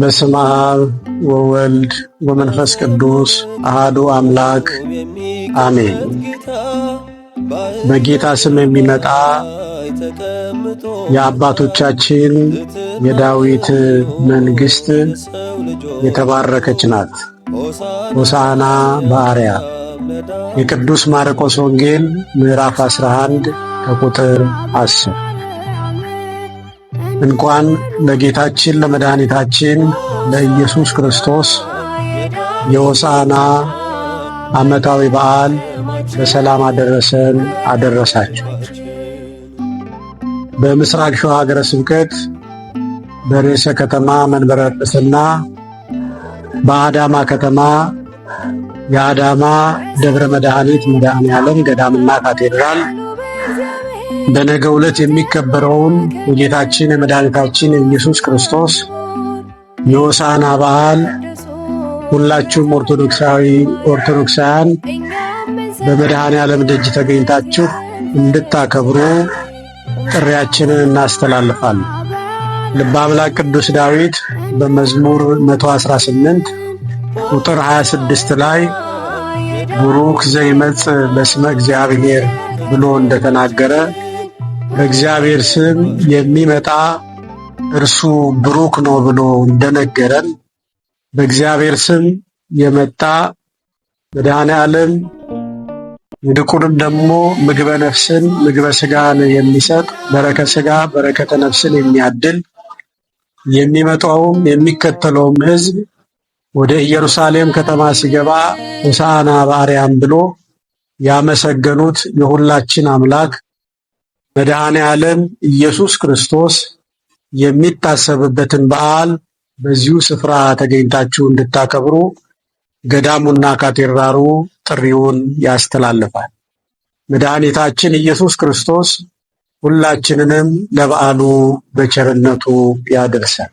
በስመ አብ ወወልድ ወመንፈስ ቅዱስ አሃዱ አምላክ አሜን። በጌታ ስም የሚመጣ የአባቶቻችን የዳዊት መንግሥት የተባረከች ናት። ሆሳዕና በአርያ የቅዱስ ማርቆስ ወንጌል ምዕራፍ 11 ከቁጥር 10 እንኳን ለጌታችን ለመድኃኒታችን ለኢየሱስ ክርስቶስ የሆሳዕና ዓመታዊ በዓል በሰላም አደረሰን አደረሳችሁ። በምስራቅ ሸዋ ሀገረ ስብከት በርዕሰ ከተማ መንበረ በአዳማ ከተማ የአዳማ ደብረ መድኃኒት መድኃኔ ዓለም ገዳምና ካቴድራል በነገ ዕለት የሚከበረውን የጌታችን የመድኃኒታችን የኢየሱስ ክርስቶስ የሆሳዕና በዓል ሁላችሁም ኦርቶዶክሳዊ ኦርቶዶክሳውያን በመድኃኔ ዓለም ደጅ ተገኝታችሁ እንድታከብሩ ጥሪያችንን እናስተላልፋለን። ልበ አምላክ ቅዱስ ዳዊት በመዝሙር 118 ቁጥር 26 ላይ ቡሩክ ዘይመጽእ በስመ እግዚአብሔር ብሎ እንደተናገረ በእግዚአብሔር ስም የሚመጣ እርሱ ብሩክ ነው ብሎ እንደነገረን በእግዚአብሔር ስም የመጣ መድኃኔ ዓለም ይልቁንም ደግሞ ምግበ ነፍስን ምግበ ስጋን የሚሰጥ በረከ ስጋ በረከተ ነፍስን የሚያድል የሚመጣውም የሚከተለውም ሕዝብ ወደ ኢየሩሳሌም ከተማ ሲገባ ሆሳዕና በአርያም ብሎ ያመሰገኑት የሁላችን አምላክ መድኃኔ ዓለም ኢየሱስ ክርስቶስ የሚታሰብበትን በዓል በዚሁ ስፍራ ተገኝታችሁ እንድታከብሩ ገዳሙና ካቴድራሉ ጥሪውን ያስተላልፋል። መድኃኒታችን ኢየሱስ ክርስቶስ ሁላችንንም ለበዓሉ በቸርነቱ ያደርሰን።